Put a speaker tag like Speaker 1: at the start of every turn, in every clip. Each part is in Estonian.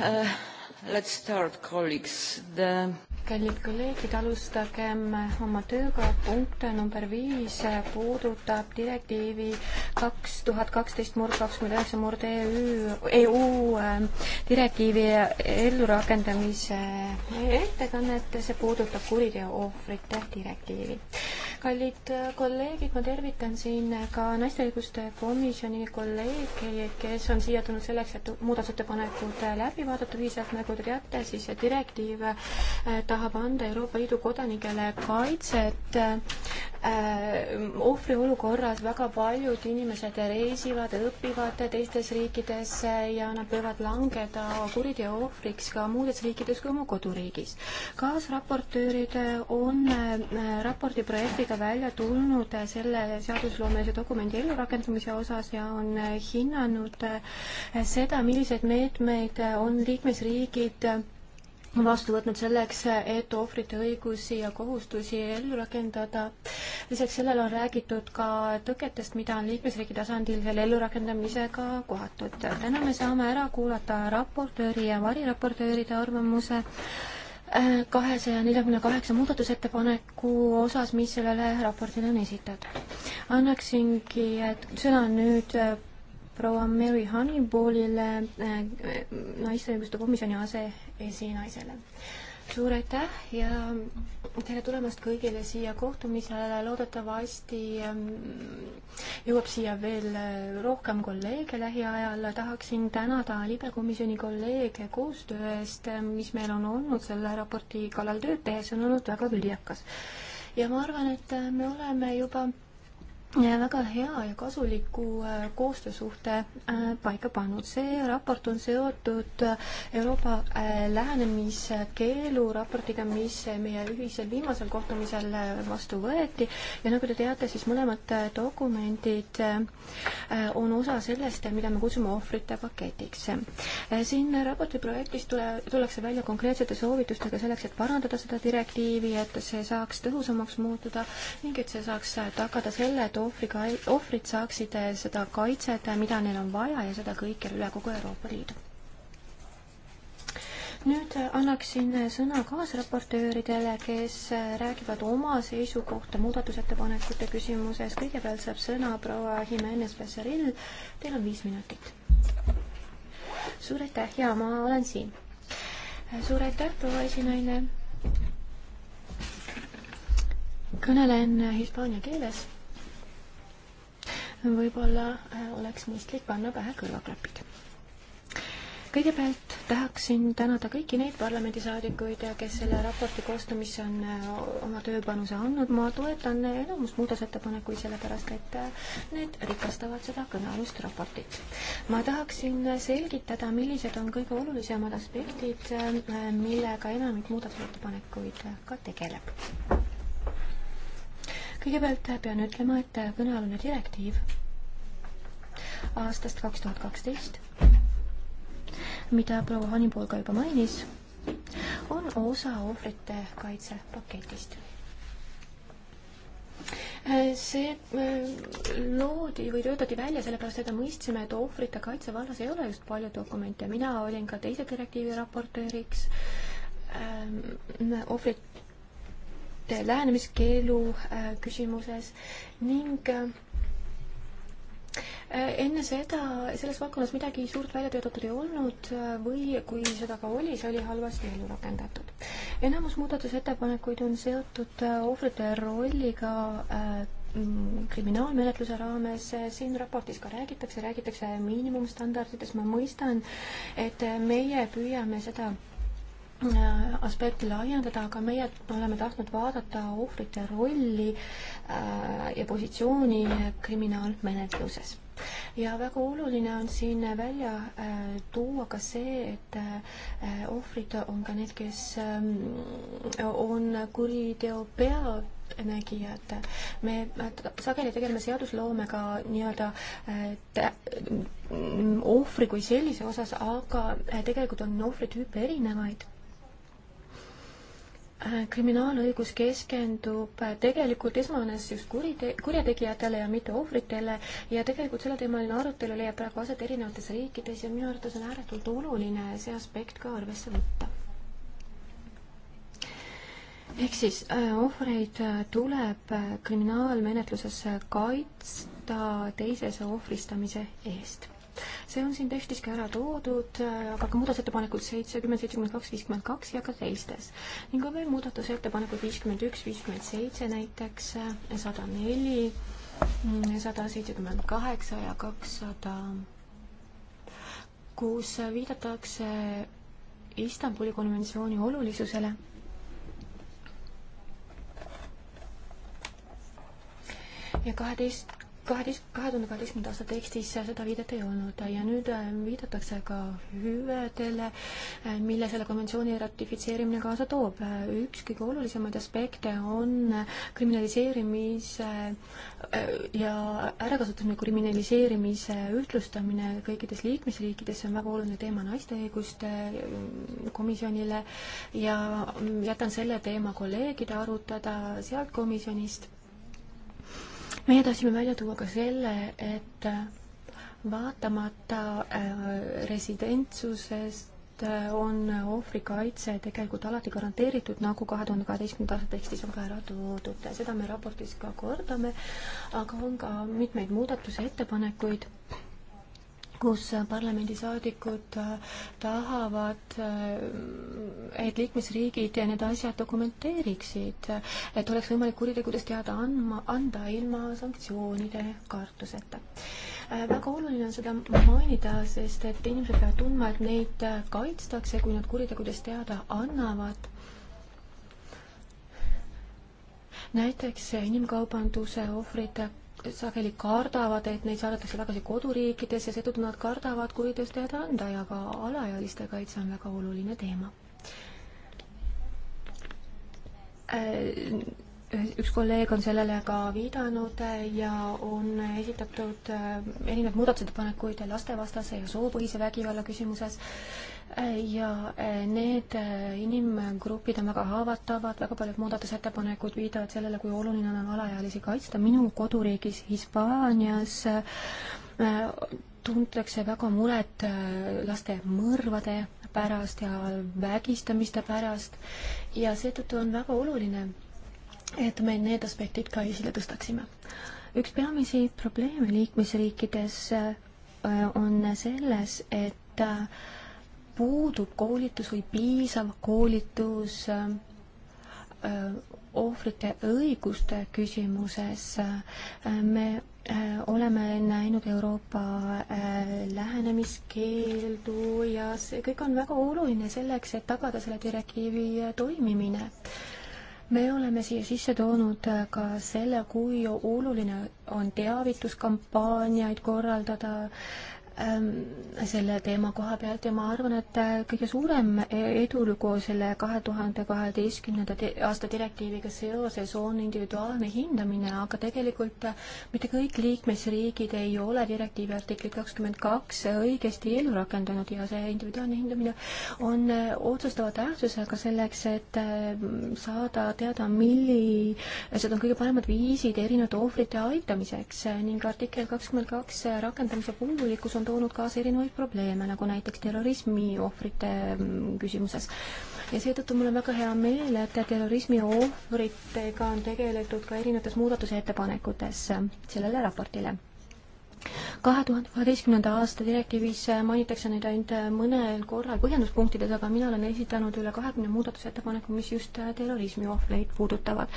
Speaker 1: Uh, let's start, colleagues. The...
Speaker 2: kallid kolleegid, alustagem oma tööga. punkt number viis puudutab direktiivi kaks tuhat kaksteist murd kakskümmend üheksa murd EÜ, EU ähm, direktiivi ellurakendamise ettekannet. see puudutab kuriteo ohvrite direktiivi kallid kolleegid, ma tervitan siin ka naiste õiguste komisjoni kolleegi, kes on siia tulnud selleks, et muudatusettepanekud läbi vaadata ühiselt, nagu te teate, siis see direktiiv äh, tahab anda Euroopa Liidu kodanikele kaitset äh, ohvriolukorras väga paljud inimesed reisivad, õpivad teistes riikides ja nad võivad langeda kuriteo ohvriks ka muudes riikides kui oma koduriigis. kaasraportöörid on äh, raporti projektiga selgelt välja tulnud äh, selle seadusloomelise dokumendi ellurakendamise osas ja on äh, hinnanud äh, seda, milliseid meetmeid on liikmesriigid vastu võtnud selleks, et ohvrite õigusi ja kohustusi ellu rakendada. lisaks sellele on räägitud ka tõketest, mida on liikmesriigi tasandil selle ellurakendamisega kohatud. täna me saame ära kuulata raportööri ja variraportööride arvamuse kahesaja neljakümne kaheksa muudatusettepaneku osas, mis sellele raportile on esitatud. annaksingi sõna nüüd äh, proua Mary Honeypoolile, äh, äh, naiste õiguste komisjoni aseesinaisele suur aitäh ja tere tulemast kõigile siia kohtumisele, loodetavasti ähm, jõuab siia veel äh, rohkem kolleege lähiajal, tahaksin tänada libekomisjoni kolleege koostöö eest, äh, mis meil on olnud selle raporti kallal tööd tehes, see on olnud väga viljakas. ja ma arvan, et äh, me oleme juba väga hea ja kasuliku äh, koostöösuhte äh, paika pannud. see raport on seotud äh, Euroopa lähenemiskeelu raportiga, mis meie ühisel viimasel kohtumisel vastu võeti ja nagu te teate, siis mõlemad dokumendid on osa sellest, mida me kutsume ohvrite paketiks. siin raporti projektis tule, tullakse välja konkreetsete soovitustega selleks, et parandada seda direktiivi, et see saaks tõhusamaks muutuda ning et see saaks tagada selle, et ohvriga, ohvrid saaksid eh, seda kaitset, eh, mida neil on vaja ja seda kõikjal üle kogu Euroopa Liidu. nüüd eh, annaksin sõna kaasraportööridele, kes räägivad oma seisukohta muudatusettepanekute küsimuses. kõigepealt saab sõna proua Jimenez Becerril. Teil on viis minutit. suur aitäh ja ma olen siin. suur aitäh, proua esinaine kõnelen hispaania keeles võib-olla äh, oleks mõistlik panna pähe kõrvaklapid. kõigepealt tahaksin tänada kõiki neid parlamendisaadikuid, kes selle raporti koostamisse on äh, oma tööpanuse andnud. ma toetan enamus muudatusettepanekuid, sellepärast et äh, need rikastavad seda kõnealust raportit. ma tahaksin selgitada, millised on kõige olulisemad aspektid, millega enamik muudatusettepanekuid ka tegeleb kõigepealt pean ütlema, et kõnealune direktiiv aastast kaks tuhat kaksteist, mida proua Hanipool ka juba mainis, on osa ohvrite kaitsepaketist see äh, loodi või töötati välja sellepärast, et me mõistsime, et ohvrite kaitse vallas ei ole just palju dokumente, mina olin ka teise direktiivi raportööriks ähm,, ohvrit et lähenemiskeelu äh, küsimuses ning äh, äh, enne seda selles valdkonnas midagi suurt välja töötatud ei olnud või kui seda ka oli, see oli halvasti ellu rakendatud. enamus muudatusettepanekuid on seotud ohvrite rolliga kriminaalmenetluse raames, siin raportis ka räägitakse, räägitakse miinimumstandarditest, ma mõistan, et meie püüame seda aspekti laiendada, aga meie oleme tahtnud vaadata ohvrite rolli äh, ja positsiooni kriminaalmenetluses. ja väga oluline on siin välja äh, tuua ka see, et äh, ohvrid on ka need, kes ähm, on kuriteo pead nägijad. me sageli tegeleme seadusloomega nii-öelda ohvri kui sellise osas, aga tegelikult on ohvritüüpe erinevaid kriminaalõigus keskendub tegelikult esmanes just kurite-, kurjategijatele ja mitte ohvritele ja tegelikult selleteemaline arutelu leiab praegu aset erinevates riikides ja minu arvates on ääretult oluline see aspekt ka arvesse võtta. ehk siis äh, ohvreid äh, tuleb äh, kriminaalmenetluses kaitsta teisese ohvristamise eest see on siin tekstis ka ära toodud, aga ka muudatusettepanekud seitsekümmend, seitsekümmend kaks, viiskümmend kaks ja ka teistes. ning on veel muudatusettepanekud viiskümmend üks, viiskümmend seitse näiteks, sada neli, sada seitsekümmend kaheksa ja kakssada, kus viidatakse Istanbuli konventsiooni olulisusele ja kaheteist kaheteist, kahe tuhande kaheteistkümnenda aasta tekstis seda viidet ei olnud ja nüüd äh, viidatakse ka hüvedele, äh, mille selle konventsiooni ratifitseerimine kaasa toob. Äh, üks kõige olulisemaid aspekte on kriminaliseerimise ja ärakasutamise kriminaliseerimise ühtlustamine kõikides liikmesriikides, see on väga oluline teema naiste õiguste komisjonile ja jätan selle teema kolleegide arutada sealt komisjonist meie tahtsime välja tuua ka selle, et vaatamata äh, residentsusest äh, on ohvrikaitse tegelikult alati garanteeritud, nagu kahe tuhande kaheteistkümnenda aasta tekstis on ka ära toodud. seda me raportis ka kordame, aga on ka mitmeid muudatusettepanekuid kus parlamendisaadikud äh, tahavad, äh, et liikmesriigid need asjad dokumenteeriksid, et oleks võimalik kuritegudest teada andma, anda ilma sanktsioonide kartuseta. Äh, väga oluline on seda mainida, sest et inimesed peavad tundma, et neid kaitstakse, kui nad kuritegudest teada annavad näiteks inimkaubanduse ohvrite sageli kardavad, et neid saadetakse tagasi koduriikides ja seetõttu nad kardavad kuritööstajad anda ja ka alaealiste kaitse on väga oluline teema. Äh, üks kolleeg on sellele ka viidanud äh, ja on esitatud äh, erinevaid muudatusettepanekuid lastevastase ja soopõhise vägivalla küsimuses ja eh, need eh, inimgrupid on väga haavatavad, väga paljud muudatusettepanekud viitavad sellele, kui oluline on alaealisi kaitsta. minu koduriigis Hispaanias eh, tuntakse väga muret laste mõrvade pärast ja vägistamiste pärast ja seetõttu on väga oluline, et me need aspektid ka esile tõstaksime. üks peamisi probleeme liikmesriikides on selles, et puudub koolitus või piisav koolitus äh, ohvrite õiguste küsimuses. Äh, me äh, oleme näinud Euroopa lähenemiskeeldu ja see kõik on väga oluline selleks, et tagada selle direktiivi toimimine me oleme siia sisse toonud ka selle, kui oluline on teavituskampaaniaid korraldada äh, Ähm, selle teema koha pealt ja ma arvan, et äh, kõige suurem äh, edulugu selle kahe tuhande kaheteistkümnenda aasta direktiiviga seoses on individuaalne hindamine, aga tegelikult äh, mitte kõik liikmesriigid ei ole direktiivi artiklit kakskümmend kaks õigesti ellu rakendanud ja see individuaalne hindamine on otsustava tähtsusega selleks, et saada teada, millised on kõige paremad viisid erinevate ohvrite aitamiseks ning artikkel kakskümmend kaks rakendamise puudulikkus on on toonud kaasa erinevaid probleeme, nagu näiteks terrorismi ohvrite mm, küsimuses. ja seetõttu mul on väga hea meel, et terrorismi ohvritega on tegeletud ka erinevates muudatusettepanekutes sellele raportile kahe tuhande kaheteistkümnenda aasta direktiivis mainitakse neid ainult mõnel korral põhjenduspunktides, aga mina olen esitanud üle kahekümne muudatusettepaneku, mis just terrorismi ohvreid puudutavad.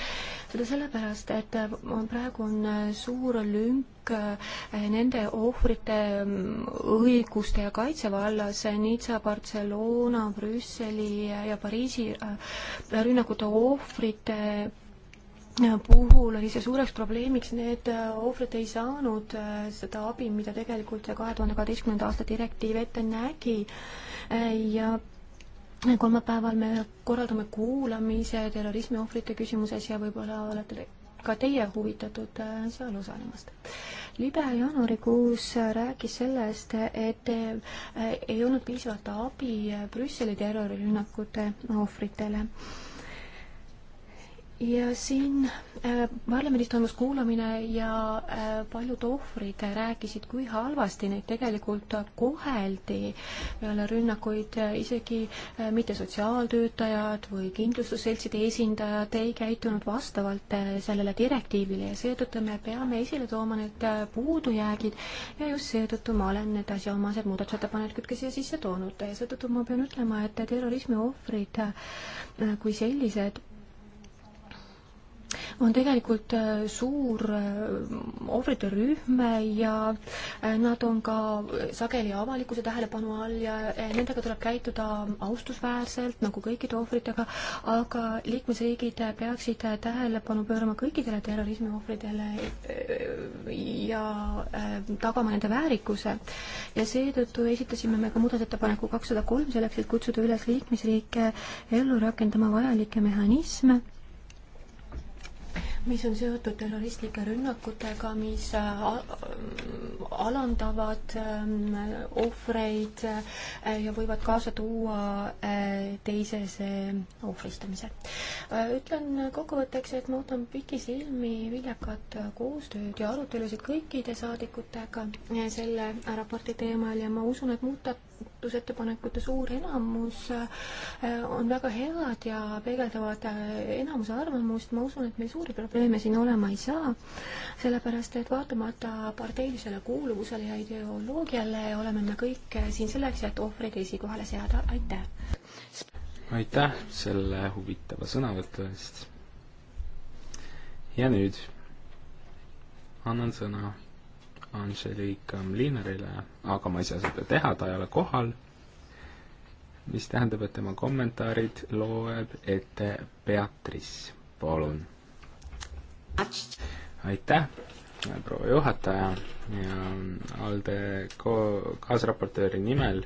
Speaker 2: seda sellepärast, et on, praegu on suur lünk eh, nende ohvrite mm, õiguste ja kaitse vallas eh, Nizza, Barcelona, Brüsseli ja Pariisi eh, rünnakute ohvrite puhul oli see suureks probleemiks, need äh, ohvrid ei saanud äh, seda abi, mida tegelikult see kahe tuhande kaheteistkümnenda aasta direktiiv ette nägi äh, ja kolmapäeval me korraldame kuulamise terrorismiohvrite küsimuses ja võib-olla olete ka teie huvitatud seal osalemast. libe jaanuarikuus rääkis sellest, et ei olnud piisavalt abi Brüsseli terrorirünnakute ohvritele ja siin äh, parlamendis toimus kuulamine ja äh, paljud ohvrid rääkisid, kui halvasti neid tegelikult koheldi peale rünnakuid, isegi äh, mitte sotsiaaltöötajad või kindlustusseltside esindajad ei käitunud vastavalt sellele direktiivile ja seetõttu me peame esile tooma need puudujäägid ja just seetõttu ma olen need asjaomased muudatusettepanekud ka siia sisse toonud ja seetõttu ma pean ütlema, et terrorismi ohvrid kui sellised on tegelikult äh, suur äh, ohvrite rühm ja äh, nad on ka sageli avalikkuse tähelepanu all ja nendega tuleb käituda austusväärselt nagu kõikide ohvritega, aga liikmesriigid peaksid tähelepanu pöörama kõikidele terrorismiohvridele ja tagama nende väärikuse. ja seetõttu esitasime me ka muudatusettepaneku kakssada kolm selleks, et kutsuda üles liikmesriike ellu rakendama vajalikke mehhanisme mis on seotud terroristlike rünnakutega, mis äh, alandavad ähm, ohvreid äh, ja võivad kaasa tuua äh, teisese ohvristamise. ütlen kokkuvõtteks, et ma ootan pikisilmi viljakat koostööd ja arutelusid kõikide saadikutega selle raporti teemal ja ma usun, et muuta, muudatusettepanekute suur enamus äh, on väga head ja peegeldavad äh, enamuse arvamust, ma usun, et meil suuri probleeme siin olema ei saa, sellepärast et vaatamata parteilisele kuuluvusele ja ideoloogiale oleme me kõik äh, siin selleks, et ohvreid esikohale seada, aitäh!
Speaker 3: aitäh selle huvitava sõnavõtu eest! ja nüüd annan sõna Angelique um, Mlinarile, aga ma ei saa seda teha, ta ei ole kohal, mis tähendab, et tema kommentaarid loeb ette Beatrice, palun. aitäh, proua juhataja ja um, ALDE ko-, kaasraportööri nimel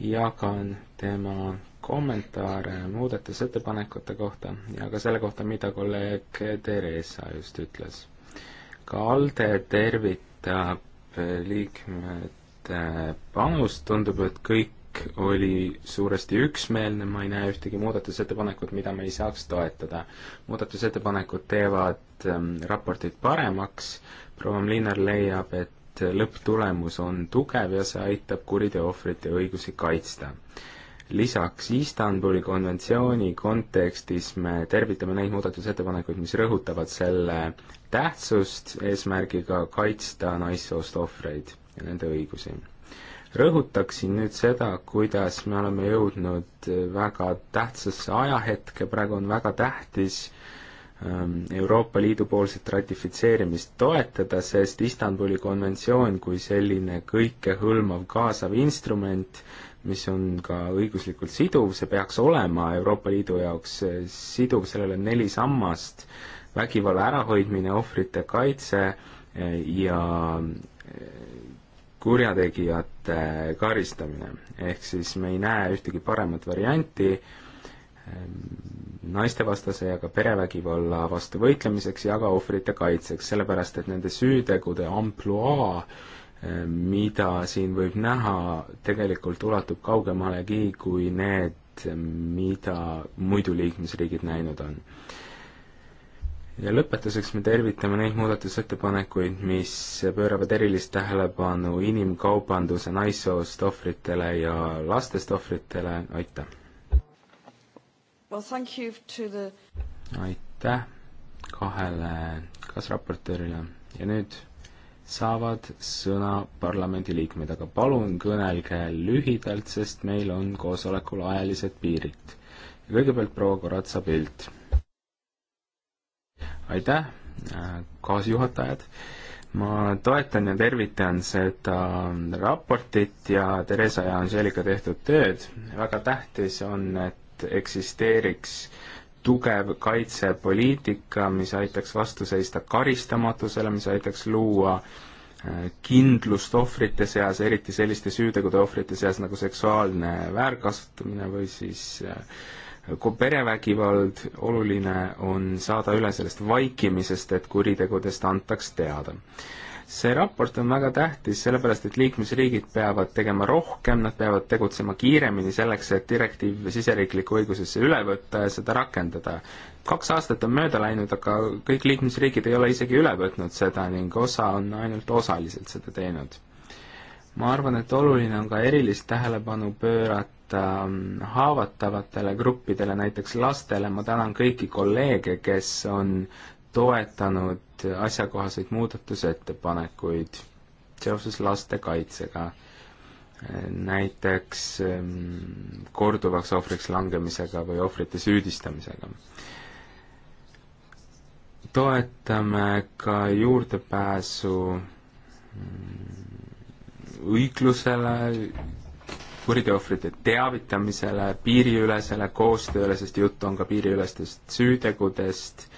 Speaker 3: jagan tema kommentaare muudatusettepanekute kohta ja ka selle kohta, mida kolleeg Theresa just ütles. ka ALDE tervitab puudutab eh, liikmete panust, tundub, et kõik oli suuresti üksmeelne, ma ei näe ühtegi muudatusettepanekut, mida me ei saaks toetada. muudatusettepanekud teevad ähm, raportit paremaks, proua Mlinar leiab, et lõpptulemus on tugev ja see aitab kuriteo ohvrite õigusi kaitsta lisaks Istanbuli konventsiooni kontekstis me tervitame neid muudatusettepanekuid, mis rõhutavad selle tähtsust eesmärgiga kaitsta naissoost ohvreid ja nende õigusi. rõhutaksin nüüd seda, kuidas me oleme jõudnud väga tähtsasse ajahetke, praegu on väga tähtis ähm, Euroopa Liidu poolset ratifitseerimist toetada, sest Istanbuli konventsioon kui selline kõikehõlmav kaasav instrument mis on ka õiguslikult siduv, see peaks olema Euroopa Liidu jaoks eh, siduv, sellel on neli sammast, vägivalla ärahoidmine, ohvrite kaitse eh, ja eh, kurjategijate karistamine. ehk siis me ei näe ühtegi paremat varianti ehm, naistevastase ja ka perevägivalla vastu võitlemiseks ja ka ohvrite kaitseks, sellepärast et nende süütegude ampluaa mida siin võib näha, tegelikult ulatub kaugemalegi kui need, mida muidu liikmesriigid näinud on. ja lõpetuseks me tervitame neid muudatusettepanekuid, mis pööravad erilist tähelepanu inimkaubanduse naissoost ohvritele ja lastest ohvritele, aitäh!
Speaker 1: Well, thank you to the
Speaker 3: aitäh kahele kaasraportöörile ja nüüd saavad sõna parlamendiliikmed, aga palun kõnelge lühidalt, sest meil on koosolekul ajalised piirid. kõigepealt proua Koratsa pilt. aitäh, äh, kaasjuhatajad, ma toetan ja tervitan seda raportit ja Theresa ja Angelika tehtud tööd, väga tähtis on, et eksisteeriks äh, tugev kaitsepoliitika, mis aitaks vastu seista karistamatusele, mis aitaks luua äh, kindlust ohvrite seas, eriti selliste süütegude ohvrite seas nagu seksuaalne väärkasutamine või siis äh, perevägivald, oluline on saada üle sellest vaikimisest, et kuritegudest antaks teada see raport on väga tähtis, sellepärast et liikmesriigid peavad tegema rohkem, nad peavad tegutsema kiiremini selleks, et direktiiv siseriiklikku õigusesse üle võtta ja seda rakendada. kaks aastat on mööda läinud, aga kõik liikmesriigid ei ole isegi üle võtnud seda ning osa on ainult osaliselt seda teinud. ma arvan, et oluline on ka erilist tähelepanu pöörata vaadata ähm, haavatavatele gruppidele, näiteks lastele, ma tänan kõiki kolleege, kes on toetanud mitmeid asjakohaseid muudatusettepanekuid seoses lastekaitsega. näiteks ehm, korduvaks ohvriks langemisega või ohvrite süüdistamisega. toetame ka juurdepääsu mm, õiglusele, kuriteohvrite teavitamisele, piiriülesele koostööle, sest jutt on ka piiriülestest süütegudest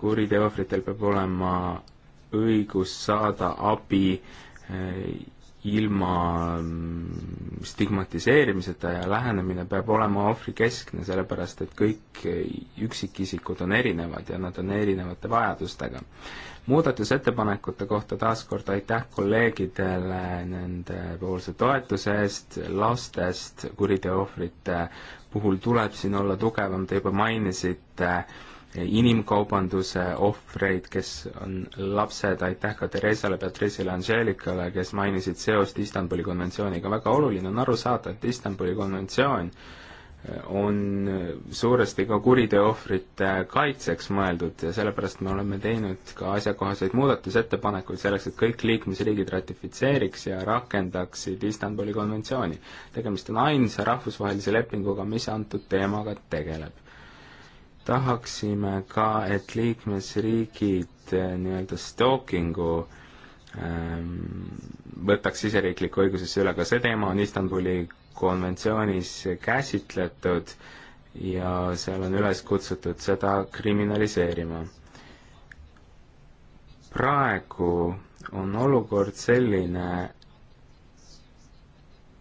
Speaker 3: kuriteo ohvritel peab olema õigus saada abi eh, ilma mm, stigmatiseerimiseta ja lähenemine peab olema ohvrikeskne, sellepärast et kõik eh, üksikisikud on erinevad ja nad on erinevate vajadustega. muudatusettepanekute kohta taas kord aitäh kolleegidele nendepoolse toetuse eest, lastest kuriteo ohvrite puhul tuleb siin olla tugevam, te juba mainisite äh, inimkaubanduse ohvreid, kes on lapsed, aitäh ka Theresale, Patriciale, Angelicale, kes mainisid seost Istanbuli konventsiooniga, väga oluline on aru saada, et Istanbuli konventsioon eh, on eh, suuresti ka kuriteoohvrite kaitseks mõeldud ja sellepärast me oleme teinud ka asjakohaseid muudatusettepanekuid selleks, et kõik liikmesriigid ratifitseeriks ja rakendaksid Istanbuli konventsiooni. tegemist on ainsa rahvusvahelise lepinguga, mis antud teemaga tegeleb tahaksime ka, et liikmesriigid eh, nii-öelda stalkingu ähm, võtaks siseriiklikku õigusesse üle, ka see teema on Istanbuli konventsioonis käsitletud ja seal on üles kutsutud seda kriminaliseerima. praegu on olukord selline,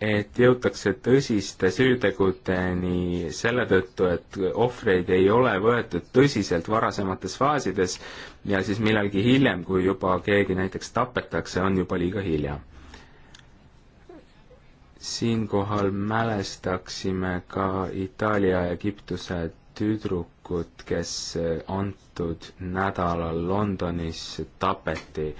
Speaker 3: et jõutakse tõsiste süütegudeni selle tõttu, et ohvreid ei ole võetud tõsiselt varasemates faasides ja siis millalgi hiljem, kui juba keegi näiteks tapetakse, on juba liiga hilja. siinkohal mälestaksime ka Itaalia ja Egiptuse tüdrukut, kes antud nädalal Londonis tapeti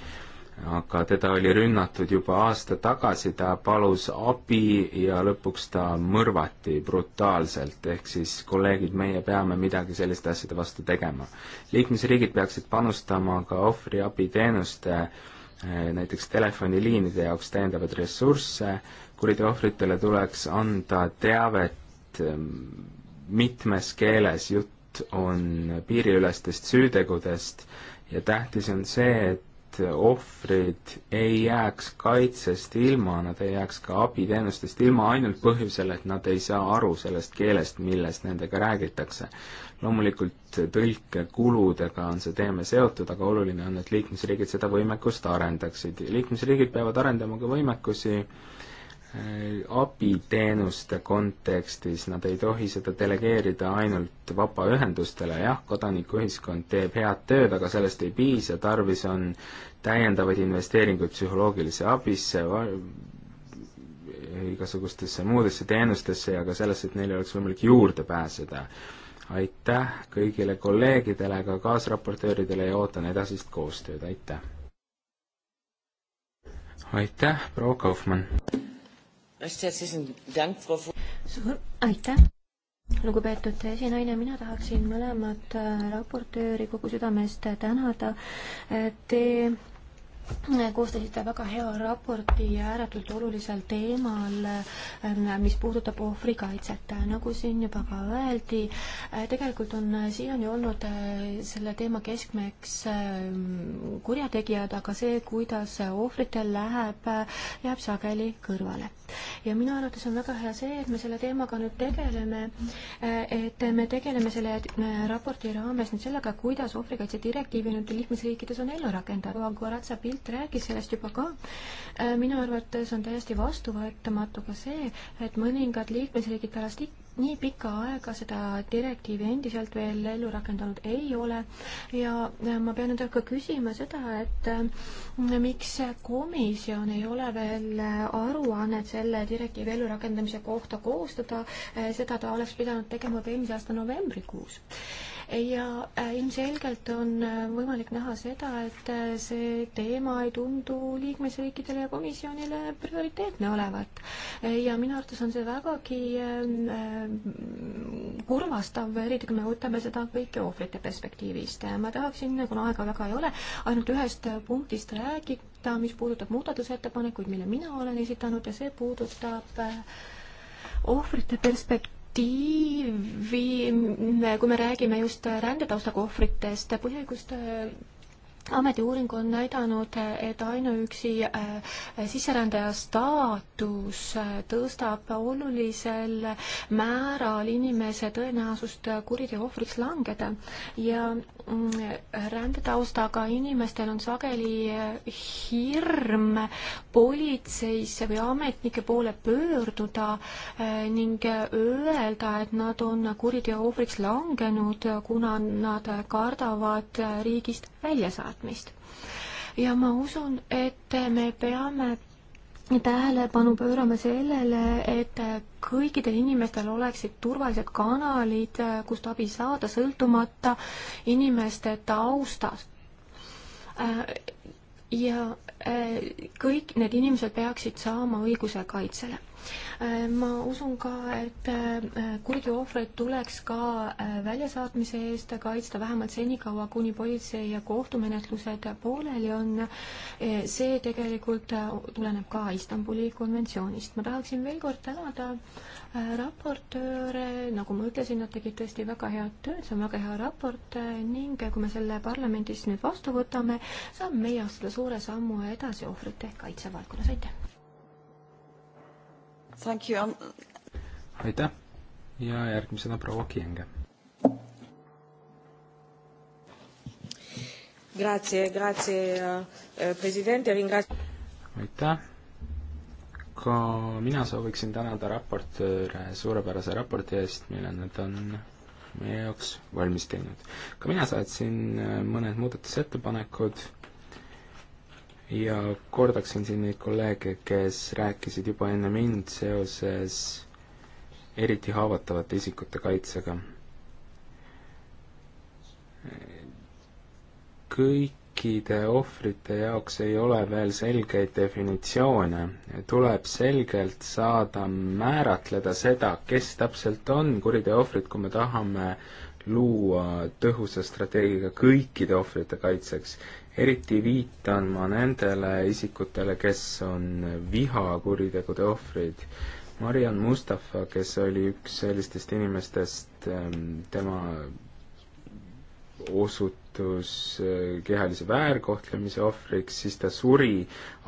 Speaker 3: aga teda oli rünnatud juba aasta tagasi, ta palus abi ja lõpuks ta mõrvati brutaalselt, ehk siis kolleegid, meie peame midagi selliste asjade vastu tegema. liikmesriigid peaksid panustama ka ohvriabiteenuste eh, näiteks telefoniliinide jaoks täiendavaid ressursse, kuriteo ohvritele tuleks anda teavet ehm, mitmes keeles, jutt on piiriülestest süütegudest ja tähtis on see, et ohvrid ei jääks kaitsest ilma, nad ei jääks ka abiteenustest ilma ainult põhjusel, et nad ei saa aru sellest keelest, milles nendega räägitakse. loomulikult tõlkekuludega on see teema seotud, aga oluline on, et liikmesriigid seda võimekust arendaksid. liikmesriigid peavad arendama ka võimekusi äh, abiteenuste kontekstis, nad ei tohi seda delegeerida ainult vabaühendustele, jah, kodanikuühiskond teeb head tööd, aga sellest ei piisa, tarvis on täiendavaid investeeringuid psühholoogilisse abisse, igasugustesse muudesse teenustesse ja ka sellesse, et neil oleks võimalik juurde pääseda. aitäh kõigile kolleegidele, ka kaasraportööridele ja ootan edasist koostööd, aitäh! aitäh, proua Kaufmann!
Speaker 1: suur
Speaker 2: aitäh, lugupeetud esinaine, mina tahaksin mõlemat äh, raportööri kogu südamest tänada. Äh, te koostasite väga hea raporti ääretult olulisel teemal, äh, mis puudutab ohvrikaitset. nagu siin juba ka öeldi, äh, tegelikult on äh, siiani olnud selle teema keskmeks kurjategijad, aga see, kuidas ohvritel läheb, jääb sageli kõrvale. ja minu arvates on väga hea see, et me selle teemaga nüüd tegeleme, et me tegeleme selle raporti raames nüüd sellega, kuidas ohvrikaitse direktiivi nüüd liikmesriikides on ellu rakendatud. Bild rääkis sellest juba ka. Äh, minu arvates on täiesti vastuvõetamatu ka see, et mõningad liikmesriigid pärast nii pikka aega seda direktiivi endiselt veel ellu rakendanud ei ole ja äh, ma pean nüüd ka küsima seda, et äh, miks komisjon ei ole veel aruannet selle direktiivi ellurakendamise kohta koostada, seda ta oleks pidanud tegema juba eelmise aasta novembrikuus ja äh, ilmselgelt on äh, võimalik näha seda, et äh, see teema ei tundu liikmesriikidele ja komisjonile prioriteetne olevat. ja minu arvates on see vägagi kurvastav, eriti kui me võtame seda kõike ohvrite perspektiivist. ma tahaksin, kuna aega väga ei ole, ainult ühest punktist rääkida, ta, mis puudutab muudatusettepanekuid, mille mina olen esitanud ja see puudutab ohvrite perspekt-, direktiivi, kui me räägime just rändetaustaga ohvritest, põhiõiguste ametiuuring on näidanud, et ainuüksi äh, sisserändaja staatus äh, tõstab olulisel määral inimese tõenäosust kuriteo ohvriks langeda ja rändetaustaga inimestel on sageli eh, hirm politseisse või ametnike poole pöörduda eh, ning eh, öelda, et nad on kuriteo ohvriks langenud, kuna nad kardavad riigist väljasaatmist ja ma usun, et me peame tähelepanu pöörama sellele, et kõikidel inimestel oleksid turvalised kanalid, kust abi saada, sõltumata inimeste taustast. ja eh, kõik need inimesed peaksid saama õiguse kaitsele. Äh, ma usun ka, et äh, kuriteo ohvreid tuleks ka äh, väljasaatmise eest kaitsta vähemalt senikaua, kuni politsei ja kohtumenetlused pooleli on. see tegelikult tuleneb ka Istanbuli konventsioonist. ma tahaksin veel kord tänada raportööre, nagu ma ütlesin, nad tegid tõesti väga head tööd, see on väga hea raport ning kui me selle parlamendis nüüd vastu võtame, saame meie astuda suure sammu edasi ohvrite kaitse valdkonnas, aitäh!
Speaker 1: Um,
Speaker 3: aitäh ja järgmisena proua Kienge. Eh, aitäh, ka mina sooviksin tänada raportööre suurepärase raporti eest, mille nad on meie jaoks valmis teinud. ka mina saatsin eh, mõned muudatusettepanekud ja kordaksin siin neid kolleege, kes rääkisid juba enne mind seoses eriti haavatavate isikute kaitsega. kõikide ohvrite jaoks ei ole veel selgeid definitsioone, tuleb selgelt saada määratleda seda, kes täpselt on kuriteo ohvrid, kui me tahame luua tõhusa strateegiga kõikide ohvrite kaitseks. eriti viitan ma nendele isikutele, kes on vihakuritegude ohvrid. Mariann Mustafa, kes oli üks sellistest inimestest, ähm, tema osutus äh, kehalise väärkohtlemise ohvriks, siis ta suri,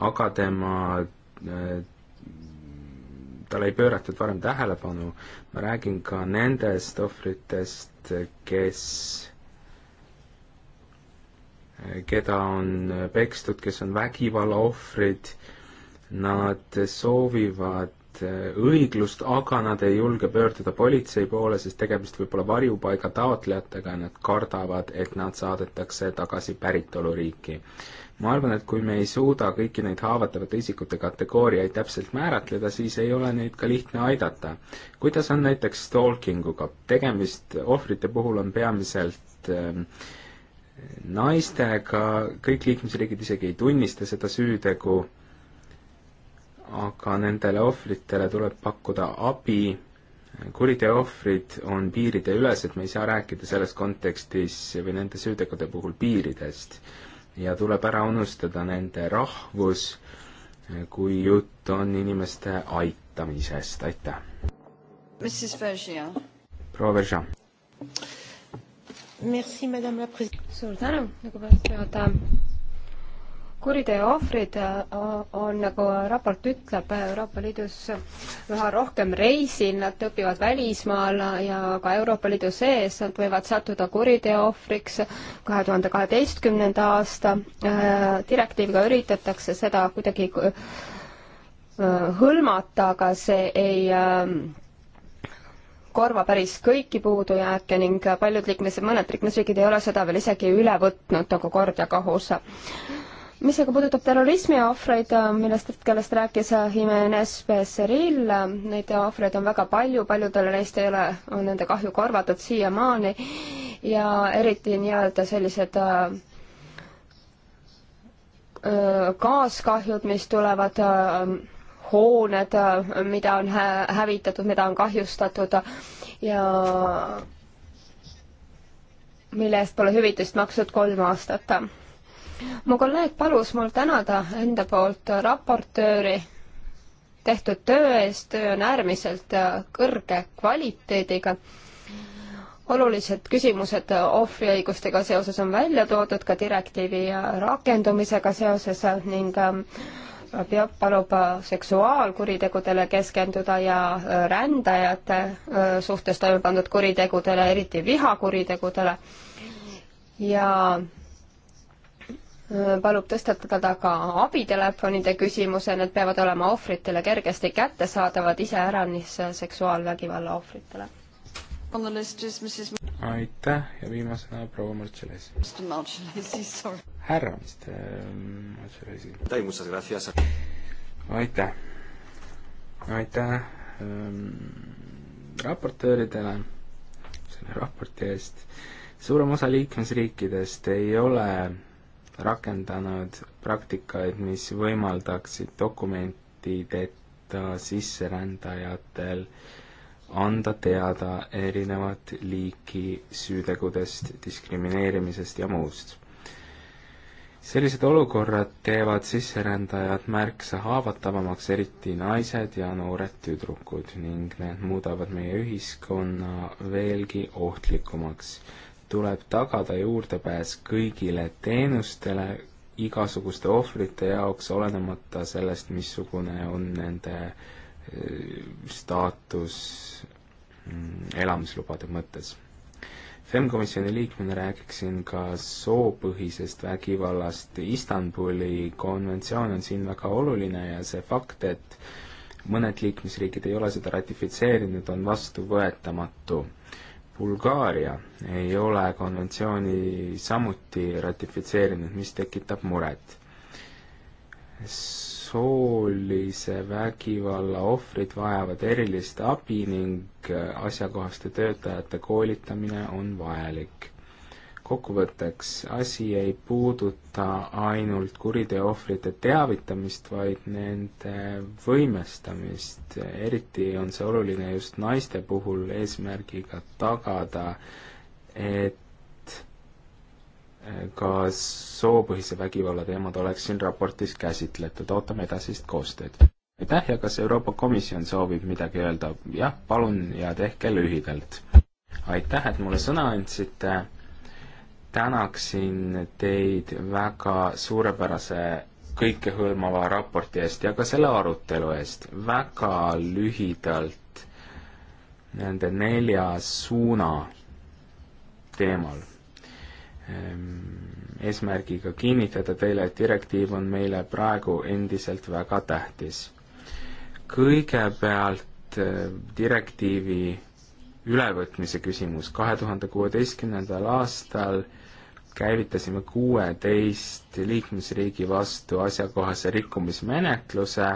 Speaker 3: aga tema äh, talle ei pööratud varem tähelepanu. ma räägin ka nendest ohvritest, kes, keda on pekstud, kes on vägivalla ohvrid, nad soovivad õiglust, aga nad ei julge pöörduda politsei poole, sest tegemist võib olla varjupaiga taotlejatega ja nad kardavad, et nad saadetakse tagasi päritoluriiki ma arvan, et kui me ei suuda kõiki neid haavatavate isikute kategooriaid täpselt määratleda, siis ei ole neid ka lihtne aidata. kuidas on näiteks stalkinguga, tegemist ohvrite puhul on peamiselt äh, naistega, kõik liikmesriigid isegi ei tunnista seda süütegu, aga nendele ohvritele tuleb pakkuda abi, kuriteo ohvrid on piirideülesed, me ei saa rääkida selles kontekstis või nende süütegude puhul piiridest ja tuleb ära unustada nende rahvus, kui jutt on inimeste aitamisest, aitäh. proua Verža.
Speaker 4: suur tänu, lugupeetud juhataja kuriteo ohvrid äh, on, nagu raport ütleb, Euroopa Liidus üha rohkem reisil, nad õpivad välismaal ja ka Euroopa Liidu sees nad võivad sattuda kuriteo ohvriks. kahe tuhande kaheteistkümnenda aasta äh, direktiiviga üritatakse seda kuidagi äh, hõlmata, aga see ei korva päris kõiki puudujääke ning paljud liikmes, mõned liikmesriigid ei ole seda veel isegi üle võtnud nagu kord ja kohus mis aga puudutab terrorismi ohvreid, äh, millest, kellest rääkis äh, Jimenez Becerril, äh, neid ohvreid on väga palju, paljudele neist ei ole, on nende kahju korvatud siiamaani ja eriti nii-öelda sellised äh, kaaskahjud, mis tulevad äh, hooned, mida on hä hävitatud, mida on kahjustatud ja mille eest pole hüvitist maksnud kolm aastat mu kolleeg palus mul tänada enda poolt raportööri tehtud töö eest, töö on äärmiselt äh, kõrge kvaliteediga. olulised küsimused äh, ohvriõigustega seoses on välja toodud ka direktiivi äh, rakendumisega seoses ning ähm, peab, palub seksuaalkuritegudele keskenduda ja rändajate suhtes toime pandud kuritegudele, eriti vihakuritegudele ja Äh, palub tõstatada ka abitelefonide küsimuse, need peavad olema ohvritele kergesti kättesaadavad, iseäranis seksuaalvägivalla ohvritele.
Speaker 3: aitäh ja viimasena proua Marcelesi. härra minister
Speaker 2: Marcelesi.
Speaker 3: aitäh, aitäh ähm, raportööridele selle raporti eest. suurem osa liikmesriikidest ei ole rakendanud praktikaid, mis võimaldaksid dokumentideta sisserändajatel anda teada erinevat liiki süütegudest, diskrimineerimisest ja muust. sellised olukorrad teevad sisserändajad märksa haavatavamaks, eriti naised ja noored tüdrukud ning need muudavad meie ühiskonna veelgi ohtlikumaks tuleb tagada juurdepääs kõigile teenustele igasuguste ohvrite jaoks, olenemata sellest, missugune on nende eh, staatus mm, elamislubade mõttes. FEM-komisjoni liikmena räägiksin ka soopõhisest vägivallast. Istanbuli konventsioon on siin väga oluline ja see fakt, et mõned liikmesriigid ei ole seda ratifitseerinud, on vastuvõetamatu. Bulgaaria ei ole konventsiooni samuti ratifitseerinud, mis tekitab muret. soolise vägivalla ohvrid vajavad erilist abi ning asjakohaste töötajate koolitamine on vajalik kokkuvõtteks, asi ei puuduta ainult kuriteo ohvrite teavitamist, vaid nende võimestamist, eriti on see oluline just naiste puhul, eesmärgiga tagada, et eh, ka soopõhise vägivalla teemad oleks siin raportis käsitletud, ootame edasist koostööd. aitäh ja kas Euroopa Komisjon soovib midagi öelda? jah, palun ja tehke lühidalt. aitäh, et mulle sõna andsite tänaksin teid väga suurepärase kõikehõlmava raporti eest ja ka selle arutelu eest. väga lühidalt nende nelja suuna teemal. Ehm, eesmärgiga kinnitada teile, et direktiiv on meile praegu endiselt väga tähtis. kõigepealt ehm, direktiivi ülevõtmise küsimus. kahe tuhande kuueteistkümnendal aastal äh, käivitasime kuueteist liikmesriigi vastu asjakohase rikkumismenetluse,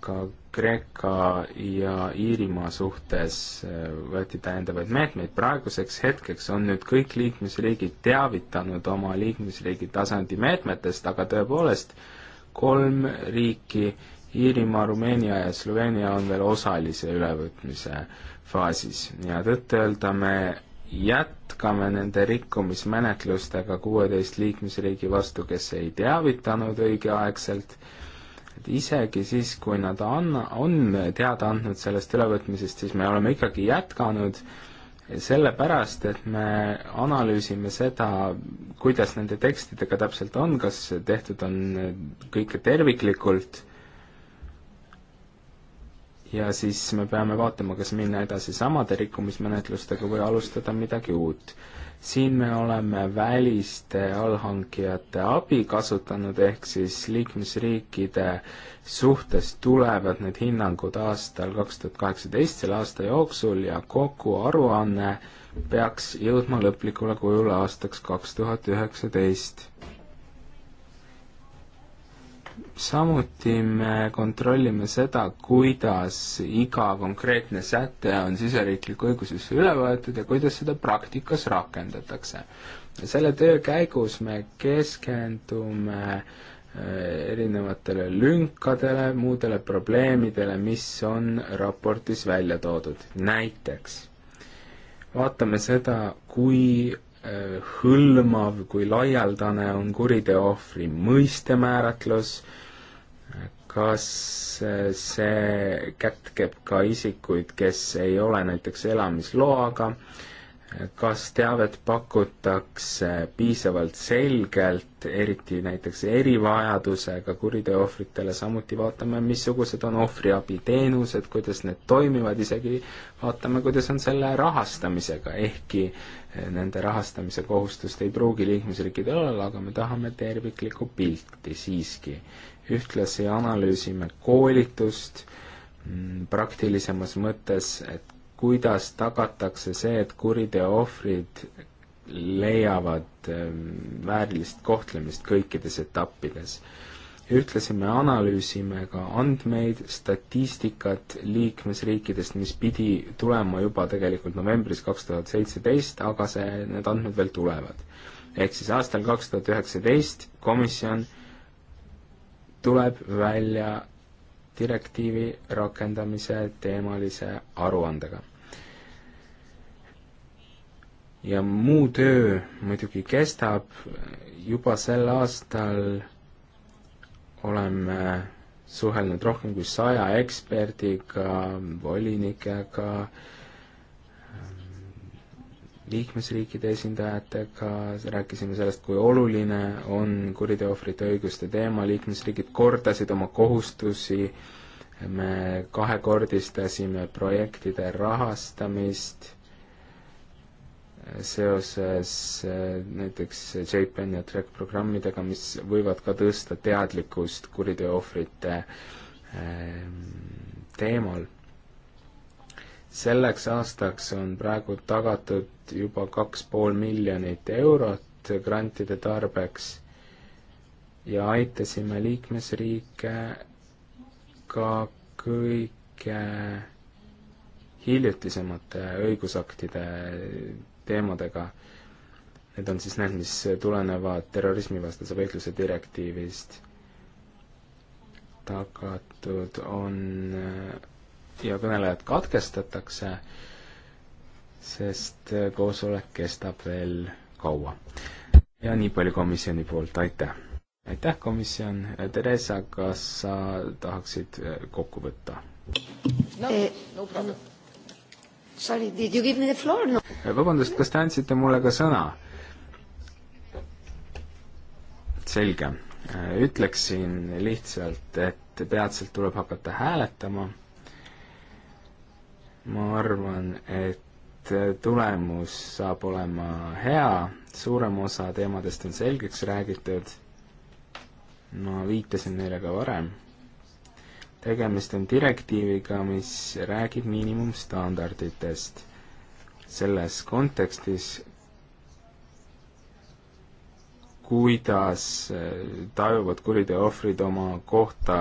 Speaker 3: ka Kreeka ja Iirimaa suhtes äh, võeti täiendavaid meetmeid, praeguseks hetkeks on nüüd kõik liikmesriigid teavitanud oma liikmesriigi tasandi meetmetest, aga tõepoolest, kolm riiki äh, Iirimaa, Rumeenia ja Sloveenia on veel osalise ülevõtmise faasis ja tõtt-öelda me jätkame nende rikkumismenetlustega kuueteist liikmesriigi vastu, kes ei teavitanud õigeaegselt, et isegi siis, kui nad anna, on teada andnud sellest ülevõtmisest, siis me oleme ikkagi jätkanud sellepärast, et me analüüsime seda, kuidas nende tekstidega täpselt on, kas tehtud on kõike terviklikult ja siis me peame vaatama, kas minna edasi samade rikkumismenetlustega või alustada midagi uut. siin me oleme väliste allhankijate abi kasutanud, ehk siis liikmesriikide suhtes tulevad need hinnangud aastal kaks tuhat kaheksateist, selle aasta jooksul ja kogu aruanne peaks jõudma lõplikule kujule aastaks kaks tuhat üheksateist samuti me kontrollime seda, kuidas iga konkreetne säte on siseriiklikku õigusesse üle võetud ja kuidas seda praktikas rakendatakse. selle töö käigus me keskendume äh, erinevatele lünkadele, muudele probleemidele, mis on raportis välja toodud, näiteks vaatame seda, kui Äh, hõlmav kui laialdane on kuriteo ohvri mõistemääratlus, äh, kas äh, see kätkeb ka isikuid, kes ei ole näiteks elamisloaga, kas teavet pakutakse piisavalt selgelt, eriti näiteks erivajadusega kuriteoohvritele, samuti vaatame, missugused on ohvriabiteenused, kuidas need toimivad, isegi vaatame, kuidas on selle rahastamisega, ehkki eh, nende rahastamise kohustust ei pruugi liikmesriikidel olla, aga me tahame terviklikku pilti siiski. ühtlasi analüüsime koolitust mm, praktilisemas mõttes, et kuidas tagatakse see, et kuriteo ohvrid leiavad ähm, väärilist kohtlemist kõikides etappides. ühtlasi me analüüsime ka andmeid, statistikat liikmesriikidest, mis pidi tulema juba tegelikult novembris kaks tuhat seitseteist, aga see, need andmed veel tulevad. ehk siis aastal kaks tuhat üheksateist komisjon tuleb välja direktiivi rakendamise teemalise aruandega. ja muu töö muidugi kestab, juba sel aastal oleme suhelnud rohkem kui saja eksperdiga, volinikega äh,, liikmesriikide esindajatega, rääkisime sellest, kui oluline on kuriteoohvrite õiguste teema, liikmesriigid kordasid oma kohustusi, me kahekordistasime projektide rahastamist seoses äh, näiteks JPEN ja TREK programmidega, mis võivad ka tõsta teadlikkust kuriteoohvrite äh, teemal selleks aastaks on praegu tagatud juba kaks pool miljonit eurot grantide tarbeks ja aitasime liikmesriike ka kõige hiljutisemate õigusaktide teemadega. Need on siis need, mis tulenevad terrorismivastase võitluse direktiivist. tagatud on ja kõnelejad katkestatakse, sest koosolek kestab veel kaua. ja nii palju komisjoni poolt, aitäh! aitäh, komisjon, Theresa, kas sa tahaksid eh, kokku võtta
Speaker 1: no,? Eh, no problem. Sorry, did you give me the floor no.?
Speaker 3: Eh, vabandust, kas te andsite mulle ka sõna? selge, ütleksin lihtsalt, et peatselt tuleb hakata hääletama ma arvan, et tulemus saab olema hea, suurem osa teemadest on selgeks räägitud, ma viitasin neile ka varem, tegemist on direktiiviga, mis räägib miinimumstandarditest. selles kontekstis kuidas tajuvad kuriteo ohvrid oma kohta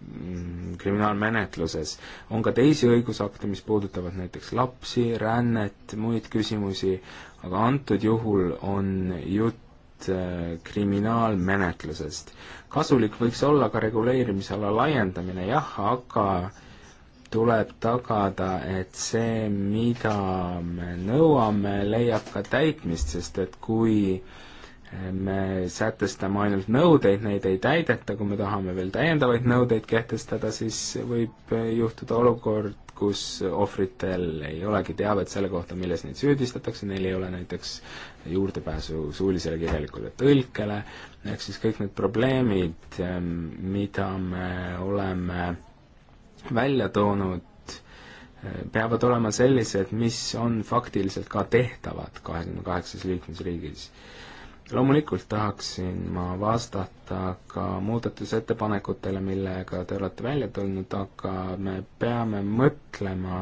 Speaker 3: Mm, kriminaalmenetluses. on ka teisi õigusakte, mis puudutavad näiteks lapsi, rännet, muid küsimusi, aga antud juhul on jutt äh, kriminaalmenetlusest. kasulik võiks olla ka reguleerimisala laiendamine, jah, aga tuleb tagada, et see, mida me nõuame, leiab ka täitmist, sest et kui äh, me sätestame ainult nõudeid, neid ei täideta, kui me tahame veel täiendavaid nõudeid kehtestada, siis võib juhtuda olukord, kus ohvritel ei olegi teavet selle kohta, milles neid süüdistatakse, neil ei ole näiteks juurdepääsu suulisele kirjalikule tõlkele, ehk siis kõik need probleemid, ehm, mida me oleme välja toonud, eh, peavad olema sellised, mis on faktiliselt ka tehtavad kahekümne kaheksas liikmesriigis loomulikult tahaksin ma vastata ka muudatusettepanekutele, millega te olete välja tulnud, aga me peame mõtlema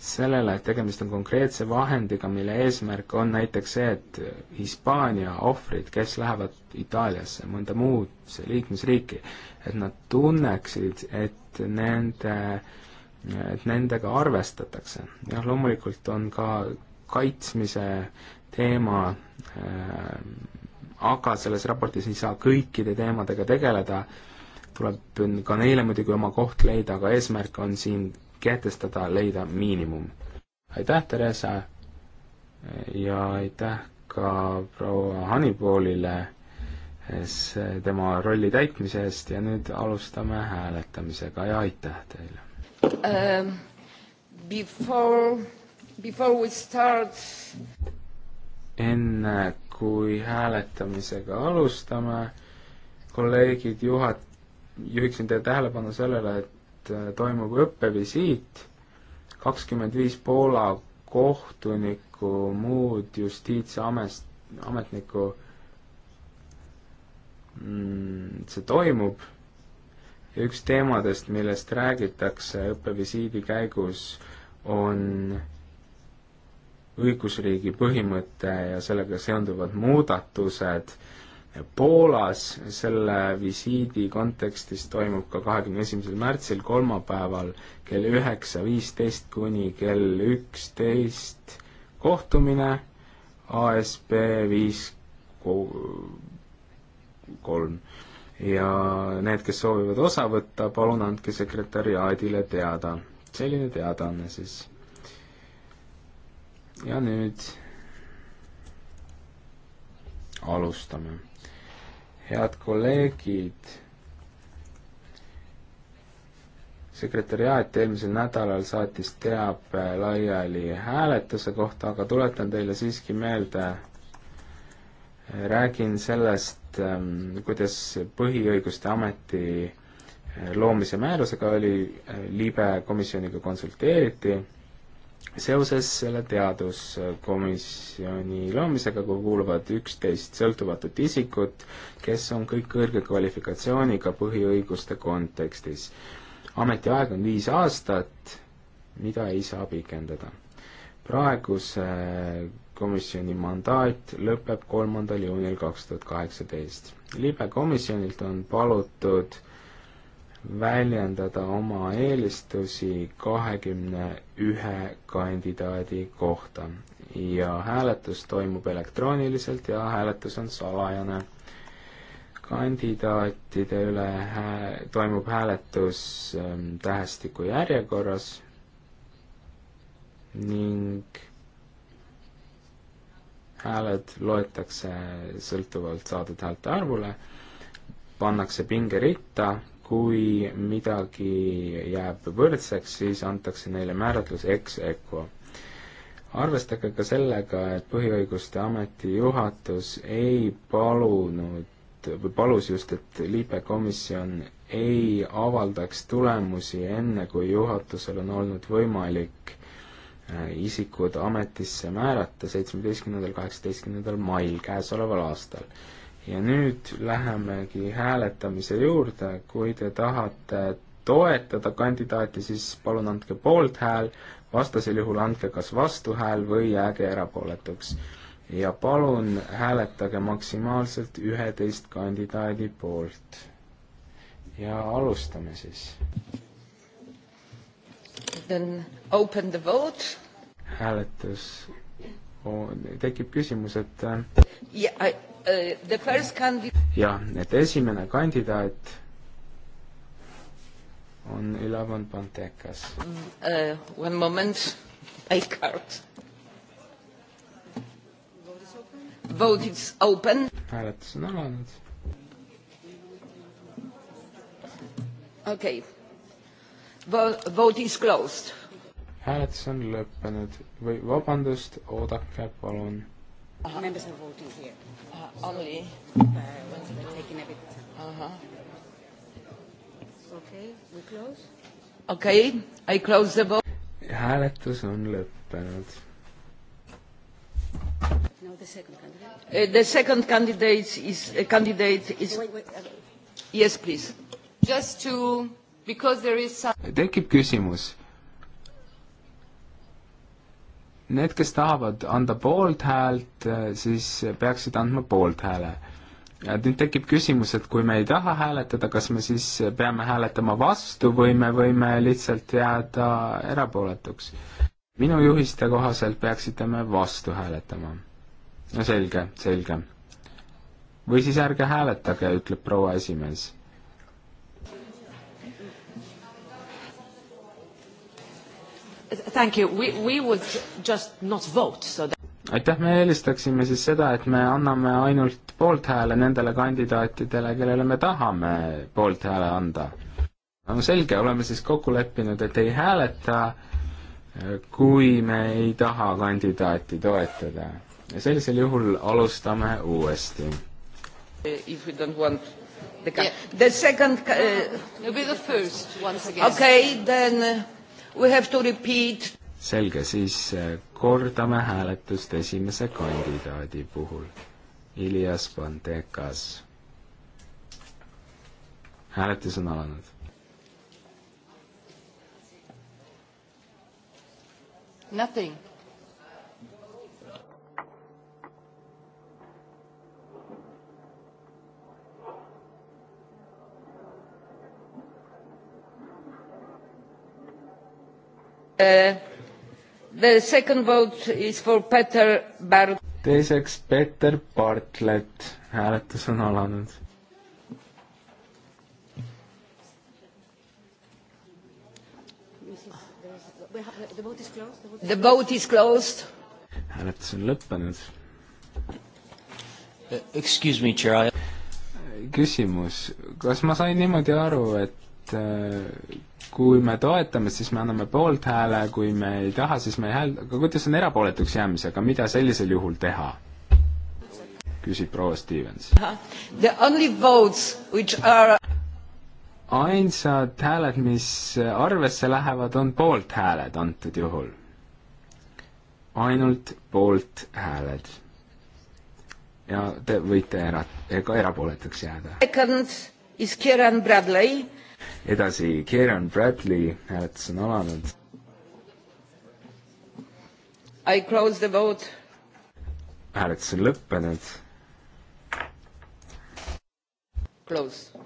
Speaker 3: sellele, et tegemist on konkreetse vahendiga, mille eesmärk on näiteks see, et Hispaania ohvrid, kes lähevad Itaaliasse, mõnda muud liikmesriiki, et nad tunneksid, et nende, et nendega arvestatakse. jah, loomulikult on ka kaitsmise teema, äh, aga selles raportis ei saa kõikide teemadega tegeleda, tuleb ka neile muidugi oma koht leida, aga eesmärk on siin kehtestada, leida miinimum. aitäh, Theresa, ja aitäh ka proua Hanipoolile tema rolli täitmise eest ja nüüd alustame hääletamisega ja aitäh teile um,!
Speaker 1: Before, before we start
Speaker 3: enne kui hääletamisega alustame, kolleegid, juhat-, juhiksin teie tähelepanu sellele, et äh, toimub õppevisiit, kakskümmend viis Poola kohtunikku, muud justiitsamet, ametnikku, mm, see toimub ja üks teemadest, millest räägitakse õppevisiidi käigus, on õigusriigi põhimõte ja sellega seonduvad muudatused Poolas, selle visiidi kontekstis toimub ka kahekümne esimesel märtsil kolmapäeval kell üheksa viisteist kuni kell üksteist kohtumine ASB viis kolm. ja need, kes soovivad osa võtta, palun andke sekretäriaadile teada. selline teadaanne siis ja nüüd alustame. head kolleegid, sekretäriaat eelmisel nädalal saatis teabe laiali hääletuse kohta, aga tuletan teile siiski meelde, räägin sellest, ähm, kuidas Põhiõiguste Ameti äh, loomise määrusega oli, äh, libe komisjoniga konsulteeriti seoses selle teaduskomisjoni loomisega, kuhu kuuluvad üksteist sõltuvatut isikut, kes on kõik kõrge kvalifikatsiooniga põhiõiguste kontekstis. ametiaeg on viis aastat, mida ei saa pikendada. praeguse komisjoni mandaat lõpeb kolmandal juunil kaks tuhat kaheksateist. libe komisjonilt on palutud väljendada oma eelistusi kahekümne ühe kandidaadi kohta ja hääletus toimub elektrooniliselt ja hääletus on salajane. kandidaatide üle hää-, toimub hääletus ähm, tähestiku järjekorras ning hääled loetakse sõltuvalt saadud häälte arvule, pannakse pingeritta kui midagi jääb võrdseks, siis antakse neile määratlus ex equo. arvestage ka sellega, et Põhiõiguste Ameti juhatus ei palunud või palus just, et liibekomisjon ei avaldaks tulemusi enne, kui juhatusel on olnud võimalik äh, isikud ametisse määrata seitsmeteistkümnendal, kaheksateistkümnendal mail käesoleval aastal ja nüüd lähemegi hääletamise juurde, kui te tahate toetada kandidaati, siis palun andke poolthääl, vastasel juhul andke kas vastuhääl või jääge erapooletuks. ja palun hääletage maksimaalselt üheteist kandidaadi poolt. ja alustame siis.
Speaker 1: Then open the vote.
Speaker 3: hääletus, tekib küsimus, et äh, yeah, I jah, et esimene kandidaat on Ilavan Pantekas
Speaker 1: uh,. One moment, I can't. Vote is open.
Speaker 3: hääletus on alanud.
Speaker 1: okei okay.. Vote is closed.
Speaker 3: hääletus on lõppenud või vabandust, oodake palun
Speaker 1: Uh-huh. Uh-huh. Uh -huh. Members are voting here. Uh, only. Uh, we're taking a bit. Uh-huh. Okay, we close. Okay, I close
Speaker 3: the vote. hääletus on lõppenud.
Speaker 2: No, the second
Speaker 1: candidate. Uh, the second candidate is uh, candidate is. Wait, wait, uh, yes, please. Just to, because there is some.
Speaker 3: tekib küsimus Need, kes tahavad anda poolthäält, äh, siis peaksid andma poolthääle. ja nüüd tekib küsimus, et kui me ei taha hääletada, kas me siis peame hääletama vastu või me võime lihtsalt jääda erapooletuks? minu juhiste kohaselt peaksite me vastu hääletama. no selge, selge. või siis ärge hääletage, ütleb proua esimees
Speaker 1: Thank you. We, we would just not vote, so that
Speaker 3: aitäh, me eelistaksime siis seda, et me anname ainult poolthääle nendele kandidaatidele, kellele me tahame poolthääle anda. no selge, oleme siis kokku leppinud, et ei hääleta, kui me ei taha kandidaati toetada. ja sellisel juhul alustame uuesti.
Speaker 1: If we don't want the, yeah. the second uh.... No be the first once again. Okay, then uh
Speaker 3: selge, siis äh, kordame hääletust esimese kandidaadi puhul. Ilias Pantekas. hääletus on alanud.
Speaker 1: Nothing Uh, the second vote is for Peter Bart-.
Speaker 3: teiseks Peter Bartlett, hääletus on alanud. The vote is closed. hääletus on lõppenud.
Speaker 2: Uh, excuse me, Chair I....
Speaker 3: küsimus, kas ma sain niimoodi aru, et uh, kui me toetame, siis me anname poolthääle, kui me ei taha, siis me ei hääl-, aga kuidas on erapooletuks jäämisega, mida sellisel juhul teha? küsib proua Stevens. Are... ainsad hääled, mis arvesse lähevad, on poolthääled antud juhul. ainult poolthääled. ja te võite era-, ega erapooletuks jääda.
Speaker 1: Second is Kieran Bradley
Speaker 3: edasi, Kieran Bradley hääletus on alanud.
Speaker 1: I close the vote.
Speaker 3: hääletus on lõppenud. Close.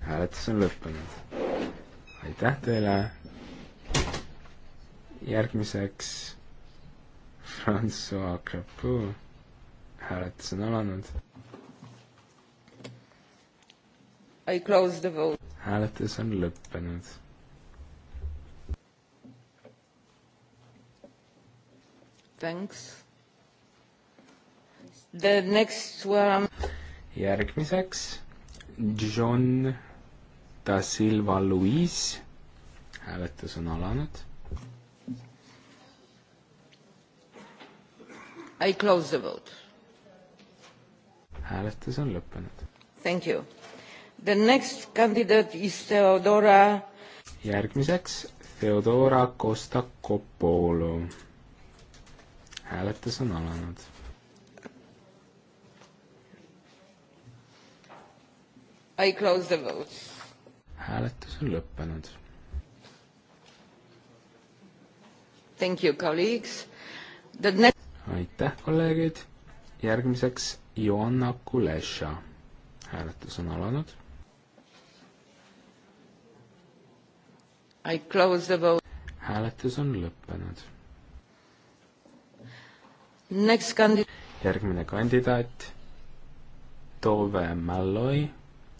Speaker 3: hääletus on lõppenud. aitäh teile. järgmiseks Francois Crapeau hääletus on alanud
Speaker 1: I close the vote.
Speaker 3: hääletus on lõppenud.
Speaker 1: Thanks. The next one.
Speaker 3: järgmiseks John da Silva Luis. hääletus on alanud.
Speaker 1: I close the vote.
Speaker 3: hääletus on lõppenud.
Speaker 1: Thank you The next candidate is Theodora.
Speaker 3: järgmiseks Theodora Costa-Coppoolu. hääletus on alanud.
Speaker 1: I close the vote.
Speaker 3: hääletus on lõppenud.
Speaker 1: Thank you, colleagues. The next
Speaker 3: aitäh, kolleegid. järgmiseks Joanna Kuleša. hääletus on alanud hääletus on lõppenud. järgmine kandidaat, Tove Malloi,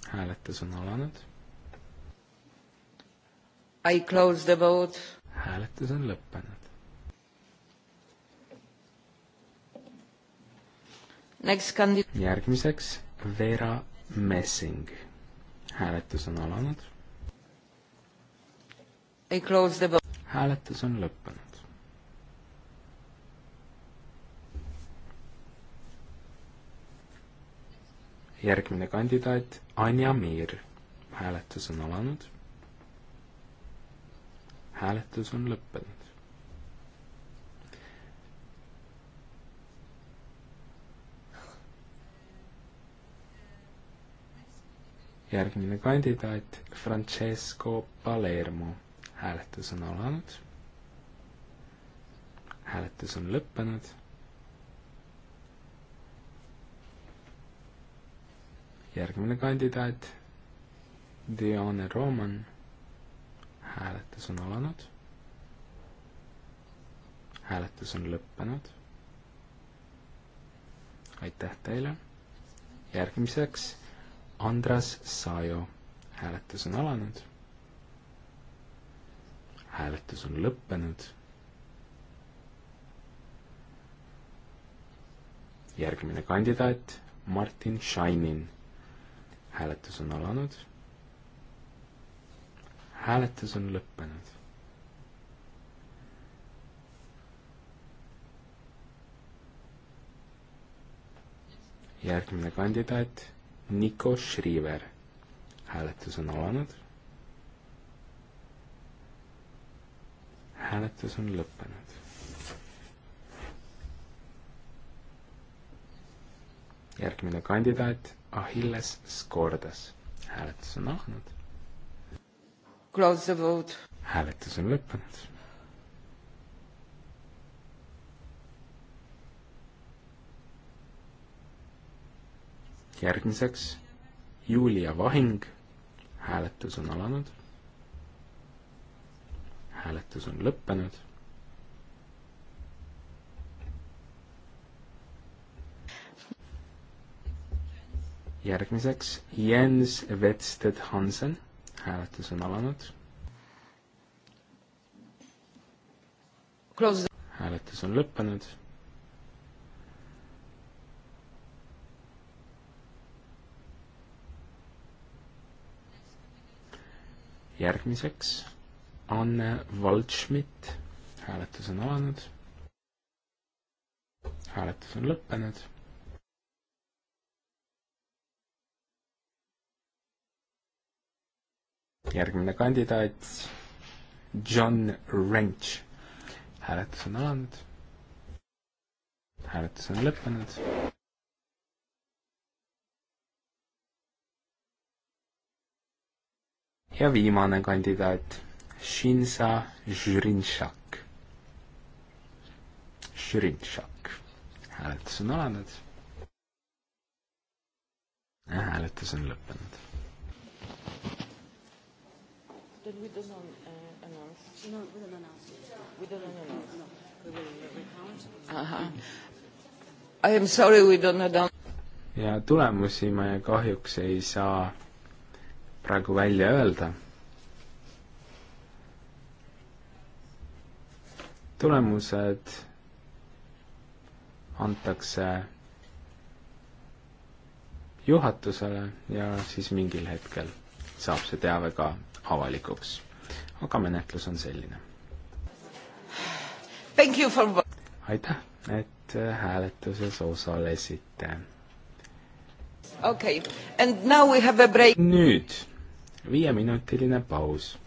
Speaker 3: hääletus on alanud. hääletus on lõppenud. järgmiseks Vera Messing. hääletus on alanud hääletus on lõppenud. järgmine kandidaat Anja Miir. hääletus on alanud. hääletus on lõppenud. järgmine kandidaat Francesco Palermo hääletus on alanud, hääletus on lõppenud järgmine kandidaat, Dione Roman. hääletus on alanud. hääletus on lõppenud. aitäh teile. järgmiseks Andras Sajo. hääletus on alanud hääletus on lõppenud. järgmine kandidaat, Martin Scheinin. hääletus on alanud. hääletus on lõppenud. järgmine kandidaat, Niko Šriver. hääletus on alanud hääletus on lõppenud. järgmine kandidaat Achilles Skordas. hääletus on ahnud.
Speaker 1: Close the vote.
Speaker 3: hääletus on lõppenud. järgmiseks Julia Vahing. hääletus on alanud hääletus on lõppenud. järgmiseks Jens Vetsted Hansen, hääletus on alanud. hääletus on lõppenud järgmiseks Anne Waldschmidt, hääletus on alanud. hääletus on lõppenud. järgmine kandidaat, John Wrench, hääletus on alanud. hääletus on lõppenud. ja viimane kandidaat Shinsa Žrinšak. Žrinšak. hääletus on alanud. hääletus on lõppenud.
Speaker 1: Then we don't uh, announce. No, we don't announce. We don't announce. No, we will recount. Uh-huh.
Speaker 3: I am sorry we don't announce. ja tulemusi me kahjuks ei saa praegu välja öelda tulemused antakse juhatusele ja siis mingil hetkel saab see teave ka avalikuks. aga menetlus on selline. For... aitäh, et äh, hääletuses osalesite.
Speaker 1: okei okay., and now we have a break.
Speaker 3: nüüd viieminutiline paus.